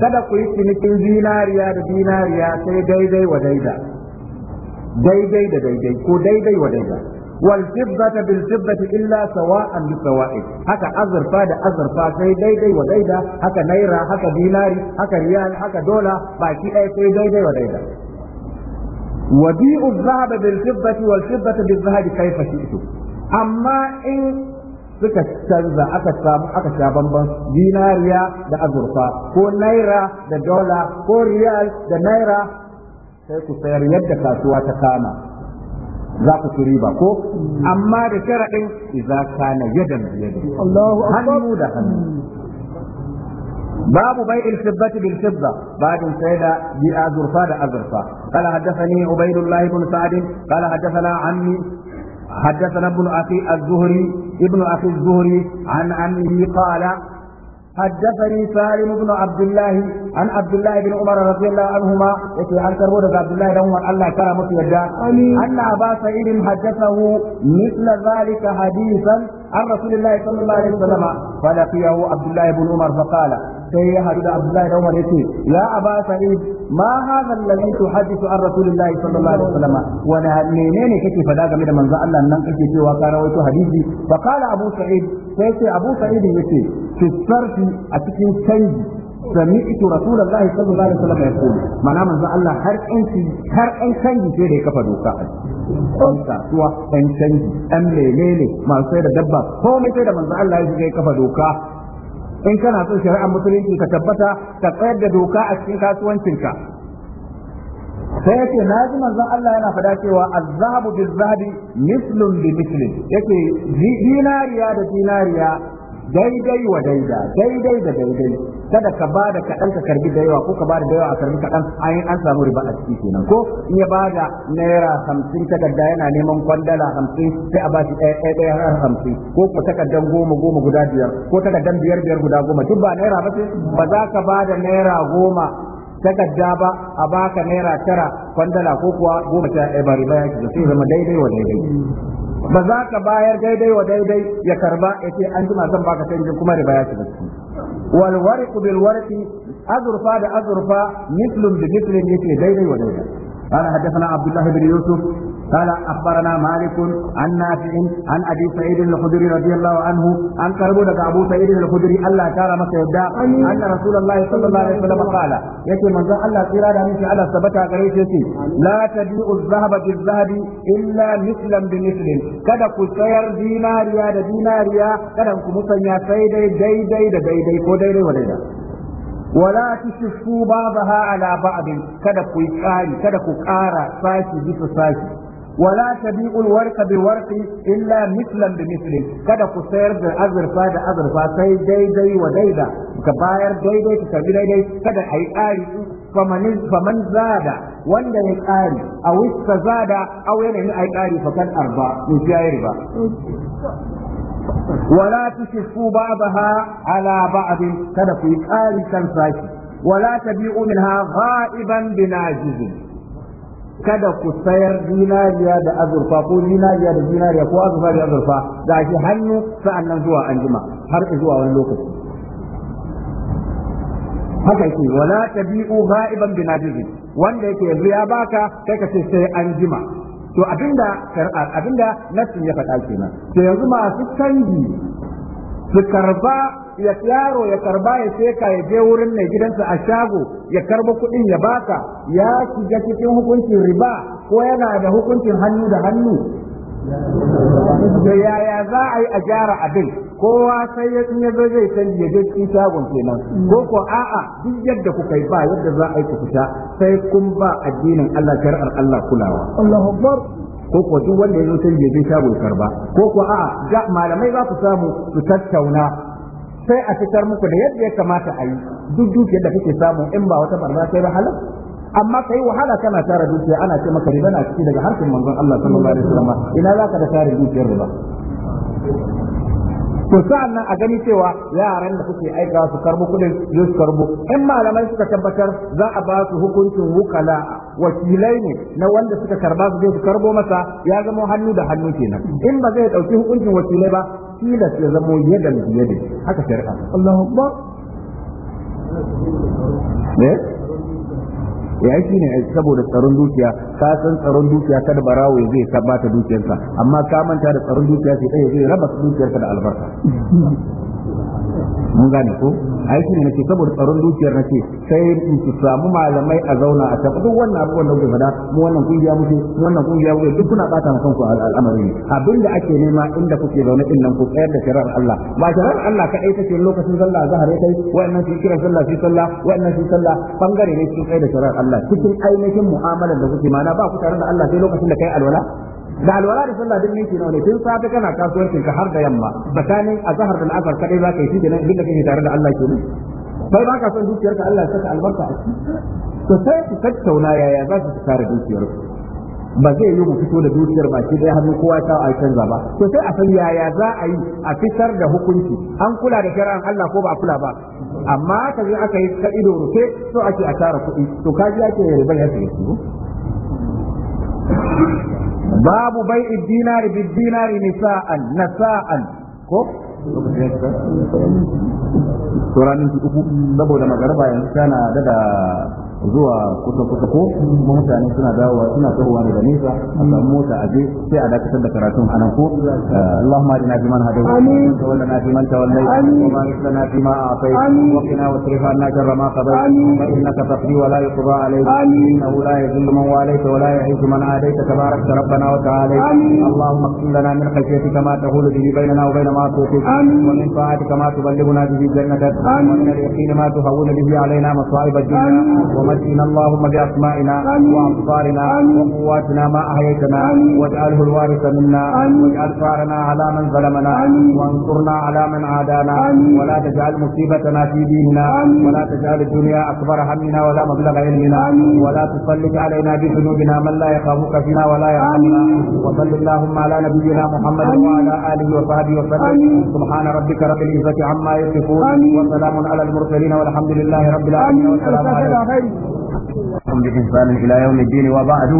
كذا قلت مثل ديناريا بديناريا سي دايدي ودايدا daidai da daidai ko daidai wa daidai wal fiddata illa sawa'an bi sawa'i haka azurfa da azurfa sai daidai wa daida haka naira haka dinari haka riyal haka dola baki ɗaya sai daidai wa daida wadi'u dhahaba bil fiddati wal fiddati bil dhahabi amma in suka canza aka samu aka sha bamban dinariya da azurfa ko naira da dola ko riyal da naira sai ku sayar yadda kasuwa ta kama za ku ci riba ko amma da sharaɗin idza kana yadan yadan hannu da hannu باب بيع الفضة بالفضة باب سيدة بأزرفة أزرفة قال حدثني عبيد الله بن سعد قال حدثنا عمي حدثنا ابن أخي الزهري ابن أخي الزهري عن عمه قال حدثني سالم بن عبد الله عن عبد الله بن عمر رضي الله عنهما يقول عن كربوده عبد الله بن عمر الله كرمه يدا ان ابا سعيد حدثه مثل ذلك حديثا عن رسول الله صلى الله عليه وسلم فلقيه عبد الله بن عمر فقال sai ya haɗu da Abdullahi da Umar yace ya Aba Sa'id ma hadha alladhi tuhaddisu an Rasulillahi sallallahu alaihi wasallam wa la menene kake fada game da manzo Allah nan kake cewa ka rawaito hadisi fa qala Abu Sa'id sai sai Abu Sa'id yace في الصرف أتكين تنجي سمعت رسول الله صلى الله عليه وسلم يقول ما نام ذا الله هر انت هر canji sai da kafa doka an kasuwa an canji an menene masu sai da dabba ko mai sai da manzo Allah ya shiga kafa doka in kana so shari'ar musulunci ka tabbata ka tsayar da doka a cikin kasuwancinka sai yake na ji manzon Allah yana fada cewa azhabu bil zahabi mislun bi mislin yake zinariya da zinariya. daidai wa daida daidai da daidai kada ka ba da kaɗan ka karbi da yawa ko ka ba da yawa a karbi kaɗan ayin an samu riba a ciki kenan ko in ya ba da naira hamsin takarda yana neman kwandala hamsin sai a ba shi ɗaya ɗaya ɗaya har hamsin ko ko takardan goma goma guda biyar ko takardan biyar biyar guda goma duk ba naira ba sai ba za ka ba da naira goma takarda ba a baka naira tara kwandala ko kuwa goma sha ɗaya bari bayan shi sai zama daidai wa daidai ba za ka bayar daidai wa daidai ya karba ya ce an jima zan baka canjin kuma riba ya shi ba. su walwari bil warqi azurfa da azurfa da mislim mislin ce daidai wa daidai ana haddasa na abdullahi bin yusuf قال أخبرنا مالك عن نافع عن أبي سعيد الخدري رضي الله عنه عن كربونة أبو سعيد الخدري ألا كان مسيدا أن رسول الله صلى الله عليه وسلم قال يكي من ذا الله سيرانا من على ثبت غريت لا تبيع الذهب بالذهب إلا مثلا بمثل كذا كسير ديناريا دا ديناريا كذا كمسنيا سيدي دي دي دي دي دي كو دي دي وليدا ولا تشفوا بعضها على بعض كذا كوي كاري كذا كارا ساشي بس ساشي ولا تبيع الورق بورق إلا مثلا بمثل kada ku sayar da azurfa da azurfa sai daidai wa daida ka bayar daidai ka karbi daidai kada a yi ƙari faman zada wanda ya ƙari a wista zada a yanayin a yi ƙari fakan arba in ya yi riba wala tushfu ba'daha ala abin kada ku yi ƙari kan saki wala tabi'u minha gha'iban binajizin kada ku sayar zinariya da azurfa ko zinariya da zinariya ko azurfa da azurfa da shi hannu sa'annan zuwa anjima har zuwa wani lokaci haka yake wala tabi'u ghaiban binadizi wanda yake yanzu ya baka kai ka ce sai anjima to abinda abinda nasin ya faɗa kenan to yanzu masu canji su karba ya yaro ya karba ya seka ya je wurin mai gidansa a shago ya karba kuɗin ya baka ya shiga cikin hukuncin riba ko yana da hukuncin hannu da hannu yaya za a yi a gyara abin kowa sai ya ya zai san ya je cikin shagon kenan ko ko a'a duk yadda kuka yi ba yadda za a yi ku fita sai kun ba addinin Allah shari'ar Allah kulawa Allahu Akbar ko ko duk wanda ya zo sai ya je shagon karba ko ko a'a ga malamai za ku samu su tattauna sai a fitar muku da yadda ya kamata a yi duk dukiyar da kake samu in ba wata barna sai ba halal amma kai wahala kana tara dukiya ana ce maka riba na ciki daga harshen manzon Allah sallallahu alaihi wasallam ina zaka da tare dukiyar riba to sa'an nan a gani cewa yaran da kuke aika su karbo kudin su karbo in malamai suka tabbatar za a ba su hukuncin wukala wakilai ne na wanda suka karba su zai su karbo masa ya zama hannu da hannu kenan in ba zai dauki hukuncin wakilai ba tilas ya zamo yadan biyadin haka shari'a Allah ba eh? eh, ne ya yi ne saboda tsaron dukiya ka san tsaron dukiya kada barawo zai tabbata dukiyarsa amma ka manta da tsaron dukiya sai ɗaya zai raba dukiyarka da albarka mun gane ko ai shi ne nake saboda tsaron dukiyar nake sai su samu malamai a zauna a tafi duk wannan abu wannan kuke fada mu wannan kungiya muke mu wannan kungiya muke duk kuna bata ma kanku al'amari ne abinda ake nema inda kuke zaune din nan ku tsayar da shari'ar Allah ba shari'ar Allah kadai take lokacin sallah zahare ya kai wayannan su kira sallah su sallah wayannan su sallah bangare ne cikin tsayar da shari'ar Allah cikin ainihin mu'amalar da kuke mana ba ku tare da Allah sai lokacin da kai alwala da alwala da sallah duk minti nawa ne tun safe kana kasuwancin ka har da yamma a azhar da azhar kadai za ka yi shi ne duk da kake tare da Allah kenan bai ba ka son dukiyarka Allah saka albarka a ciki to sai ku tattauna yaya za ku tsara dukiyarku ba zai yi mu fito da dukiyar ba baki dai hannu kowa ta a canza ba to sai a san yaya za a yi a fitar da hukunci an kula da shari'an Allah ko ba a kula ba amma ka je aka yi ka ido rufe so ake a tara kuɗi to kaji ake riba ya su babu bai'i dinari bid dinari nisa'an nasa'an ko saboda magarba yanzu tana daga zuwa kusa kusa ko kuma mutane suna dawowa suna tahowa da nesa a kan mota a je sai a dakatar da karatun anan ko Allahumma adina fi man hadayt wa lana fi man tawallayt wa ma lana fi ma a'tayt wa qina wa sarif anna sharra ma qadayt fa innaka taqdi wa la yuqda alayk innahu la yadhillu man walayt wa la yu'izzu man adayt tabarak rabbana wa ta'ala Allahumma qim lana min khashyatika ma tahulu bihi bainana wa bain ma tuqit wa min ta'atika ma tuballighuna bihi jannatak wa min al-yaqini ma tuhawwinu bihi alayna masa'ib ad-dunya ومسينا اللهم بأسمائنا وأبصارنا وقواتنا ما أحييتنا واجعله الوارث منا واجعل ثارنا على من ظلمنا وانصرنا على من عادانا ولا تجعل مصيبتنا في ديننا ولا تجعل الدنيا أكبر همنا ولا مبلغ علمنا ولا تسلط علينا بذنوبنا من لا يخافك فينا ولا يرحمنا وصل اللهم على نبينا محمد وعلى آله وصحبه وسلم سبحان ربك رب العزة عما يصفون وسلام على المرسلين والحمد لله رب العالمين والسلام عليكم وإياكم بإحسان إلى يوم الدين وبعد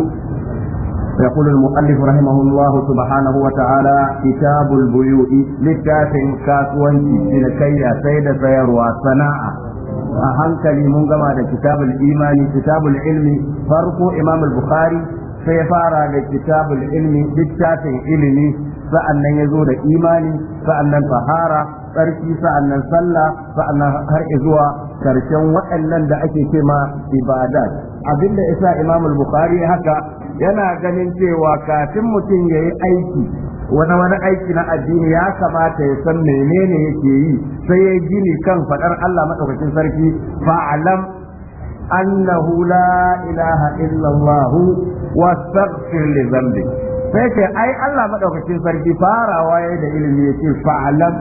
يقول المؤلف رحمه الله سبحانه وتعالى كتاب البيوء لكاتب كاسوانتي لكي سيد سيروا صناعه a hankali mun gama da kitabul imani kitabul ilmi farko imam al-bukhari sai fara da kitabul ilmi littafin ilimi sa'annan ya zo da imani sa'annan tahara tsarki sa'annan sallah sa'annan har zuwa karshen waɗannan da ake ce ma ibadat abinda isa imamul al-bukhari haka yana ganin cewa kafin mutum ya yi aiki wani wani aiki na addini ya kamata ya san menene yake yi sai ya gini kan faɗar Allah madaukakin sarki fa'alam annahu la ilaha illallah wastaghfir li sai ce ai Allah madaukakin sarki farawa yayi da ilimi yace fa'alam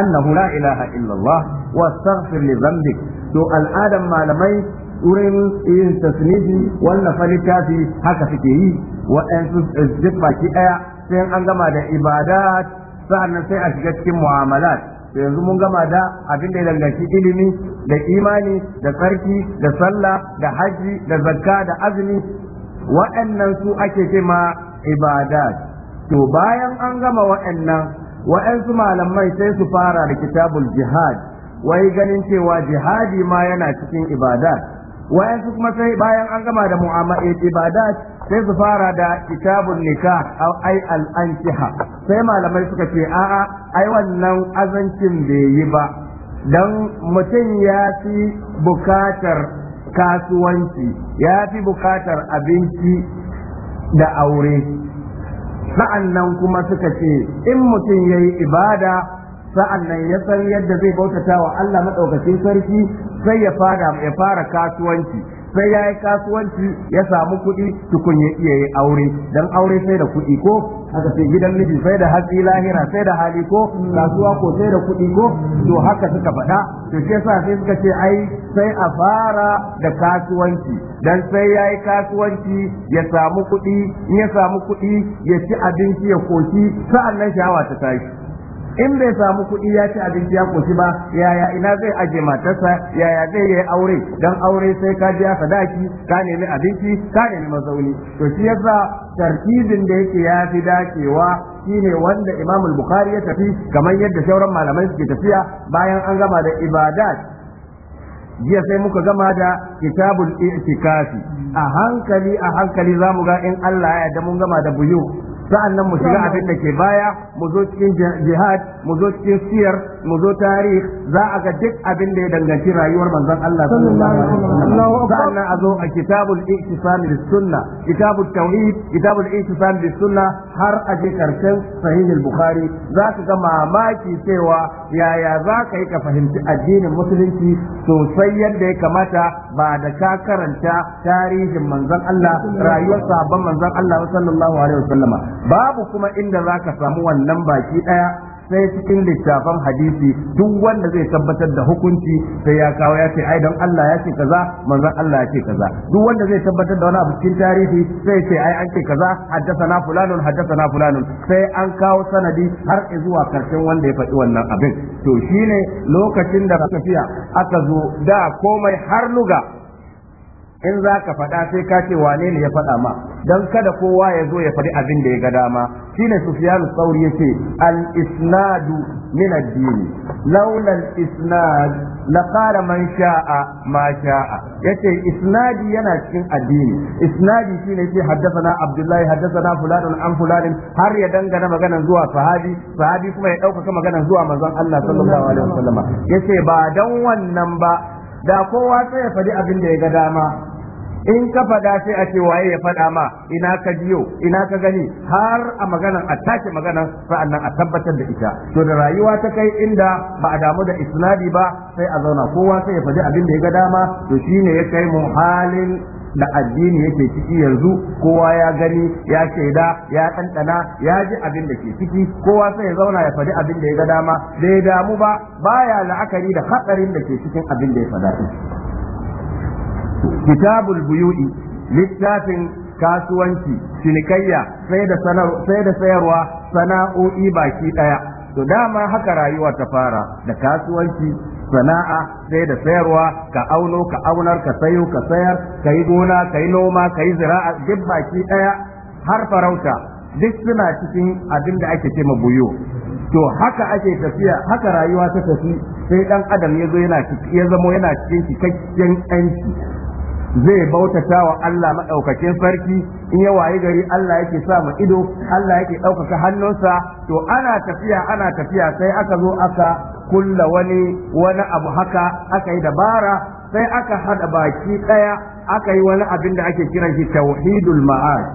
annahu la ilaha illallah wastaghfir li dhanbik to al'adam malamai wurin yin tasnifi wannan falitafi haka suke yi waɗansu duk baki ɗaya sai an gama da ibadat sa'annan sai a shiga cikin mu'amalat yanzu mun gama da abin da ya danganci ilimi da imani da sarki da sallah da haji da zakka da azumi waɗannan su ake ce ma ibadat to bayan an gama waɗannan wa'yansu malamai sai su fara da kitabul jihad wai ganin cewa jihadi ma yana cikin ibadat wa'yansu kuma sai bayan an gama da mu'amala eh, ibadat sai su fara da kitabun nikah aw ai al sai malamai suka ce a'a ai wannan azancin bai yi ba dan mutum ya fi bukatar kasuwanci ya fi bukatar abinci da aure sa'an nan kuma suka ce in mutum ya yi ibada sa'an nan ya san yadda zai bautata wa Allah maɗaukacin sarki sai ya fara kasuwanci sai ya yi kasuwanci ya samu kuɗi tukun ya iya yi aure dan aure sai da kuɗi ko haka sai gidan miji sai da hatsi lahira sai da hali ko kasuwa ko sai da kuɗi ko to haka suka faɗa to sai yasa sai suka ce ai sai a fara da kasuwanci dan sai ya yi kasuwanci ya samu kuɗi in ya samu kuɗi ya ci abinci ya koshi nan shawa ta tashi in bai samu kuɗi ya ci abinci ya koshi ba yaya ina zai aje matarsa yaya zai yi aure don aure sai ka biya sadaki ka nemi abinci ka nemi mazauni to shi yasa tarkibin da yake ya fi dacewa shine wanda imamul Bukhari ya tafi kamar yadda sauran malamai suke tafiya bayan an gama da ibadat jiya sai muka gama da kitabul i'tikafi a hankali a hankali za mu ga in Allah ya yarda mun gama da buyu nan mu shiga abin da ke baya mu zo cikin jihad mu zo cikin siyar mu zo tarih za a ga duk abin da ya danganci rayuwar manzon Allah sallallahu alaihi a zo a kitabul i'tisam bis sunna kitabut tauhid kitabul i'tisam da sunna har a je karshen sahihil bukhari za ka ga mamaki cewa yaya za ka yi ka fahimci addinin musulunci sosai yadda ya kamata ba da ka karanta tarihin manzon Allah rayuwar sabon manzon Allah sallallahu alaihi wasallam babu kuma inda za ka samu wannan baki ɗaya sai cikin littafan hadisi duk wanda zai tabbatar da hukunci sai ya kawo ya ce ai don Allah ya ce kaza manzon Allah ya ce kaza duk wanda zai tabbatar da wani abu cikin tarihi sai ce ai an ce kaza haddathana fulanun haddathana fulanun sai an kawo sanadi har zuwa karshen wanda ya faɗi wannan abin to shine lokacin da tafiya aka zo da komai har luga in za ka faɗa sai ka ce wane ne ya faɗa ma don kada kowa ya zo ya faɗi abin da ya ga dama shine sufyanu sauri yace al isnadu min ad laula al isnad la qala man sha'a ma sha'a yace isnadi yana cikin addini isnadi shi ne haddasa haddathana abdullahi haddathana fulan an fulan har ya dangana maganan zuwa sahabi sahabi kuma ya dauka maganan zuwa manzon Allah sallallahu alaihi wasallam yace ba dan wannan ba da kowa sai ya faɗi abin da ya ga dama in ka faɗa sai a ce waye ya faɗa ma ina ka jiyo ina ka gani har a maganan a tace maganan sa'annan a tabbatar da ita to da rayuwa ta kai inda ba a damu da isnadi ba sai a zauna kowa sai ya faɗi abin da ya ga dama to shine ya kai mu halin da addini yake ciki yanzu kowa ya gani ya shaida ya ɗanɗana ya ji abin da ke ciki kowa sai ya zauna ya faɗi abin da ya ga dama bai damu ba baya la'akari da hatsarin da ke cikin abin da ya faɗa kitabul buyu'i littafin kasuwanci cinikayya sai da sayarwa sana'o'i baki ɗaya. to dama haka rayuwa ta fara da kasuwanci sana'a sai da sayarwa ka auno ka aunar ka sayo ka sayar ka yi gona ka noma ka zira'a duk baki ɗaya har farauta duk suna cikin abin da ake ce ma buyo to haka ake tafiya haka rayuwa ta tafi sai ɗan adam ya ya zamo yana cikin cikakken yanci zai bautata wa Allah maɗaukakin sarki in ya wayi gari Allah yake sa mu ido Allah yake ɗaukaka hannunsa to ana tafiya ana tafiya sai aka zo aka kulla wani wani abu haka aka yi dabara sai aka haɗa baki ɗaya aka yi wani abin da ake kiran shi tauhidul ma'ad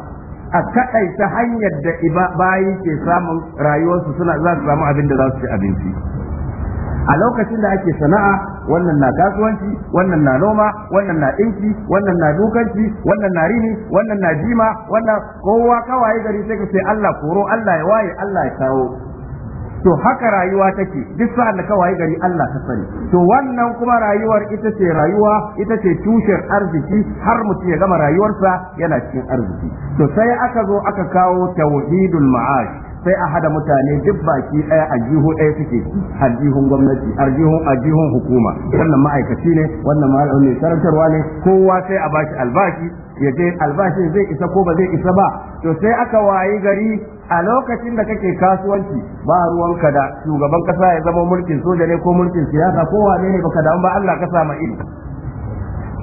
a ta hanyar da bayi ke samun rayuwarsu suna za su samu abin da za su ci abinci a lokacin da ake sana'a wannan na kasuwanci wannan na noma wannan na dinki wannan na dukanci wannan na rini wannan na jima wannan kowa kawai gari sai ka ce Allah koro Allah ya waye Allah ya kawo to haka rayuwa take duk sa'an da kawai gari Allah ta sani to wannan kuma rayuwar ita ce rayuwa ita ce tushen arziki har mutum ya gama rayuwarsa yana cikin arziki to sai aka zo aka kawo tauhidul ma'ash sai a hada mutane duk baki ɗaya a jihu ɗaya suke jihun gwamnati a jihun hukuma wannan ma'aikaci ne wannan mai sarantarwa ne kowa sai a bashi albashi ya je albashin zai isa ko ba zai isa ba to sai aka wayi gari a lokacin da kake kasuwanci ba ruwan ka da shugaban kasa ya zama mulkin soja ne ko mulkin siyasa ko wane ne baka damu ba Allah ka sa ido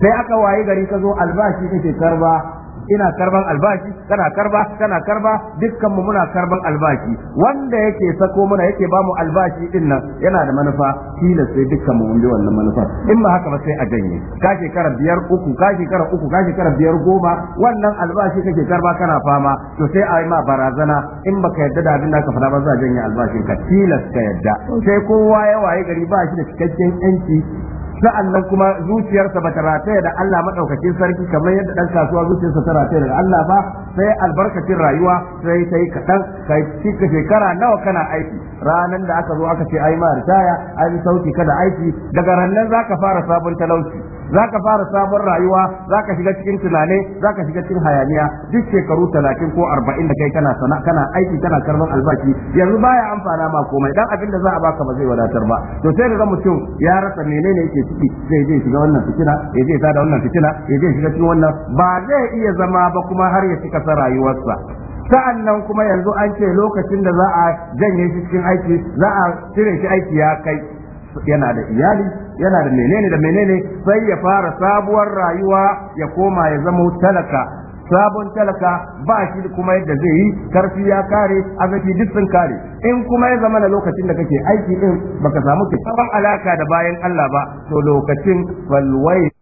sai aka wayi gari ka zo albashi kake karba ina karban albashi kana karba kana karba dukkan mu muna karban albashi wanda yake sako muna yake bamu albashi din nan yana da manufa ne sai dukkan mu mun bi wannan manufa in ba haka ba sai a janye ka shekara biyar uku ka shekara uku ka shekara biyar goma wannan albashi kake karba kana fama to sai a yi ma barazana in baka yadda da abin da ka fada ba za a janye albashin ka tilas ka yadda sai kowa ya waye gari ba shi da cikakken yanci sa'annan kuma zuciyarsa bata rataya da Allah maɗaukacin sarki kamar yadda ɗan kasuwa zuciyarsa ta rataya da Allah ba sai albarkacin rayuwa sai ta yi kaɗan kai cika shekara nawa kana aiki ranan da aka zo aka ce ai ma ritaya ai sauki kada aiki daga rannan ka fara sabon talauci Za ka fara sabon rayuwa za ka shiga cikin tunane ka shiga cikin hayaniya duk shekaru talatin ko arba'in da kai kana sana kana aiki kana karban albashi yanzu baya amfana ma komai dan abin da za a baka ba zai wadatar ba to sai ga mutum ya rasa menene yake ciki zai je shiga wannan fitina ya je sada wannan fitina ya je shiga cikin wannan ba zai iya zama ba kuma har ya cika rayuwarsa sa'an nan kuma yanzu an ce lokacin da za a janye shi cikin aiki za a cire shi aiki ya kai yana da iyali yana da menene da menene sai ya fara sabuwar rayuwa ya koma ya zama talaka sabon talaka ba shi kuma yadda zai yi karfi ya kare azafi duk sun kare in kuma ya zama na lokacin da kake aiki din baka samu kyakkyawan alaka da bayan Allah ba to lokacin falwai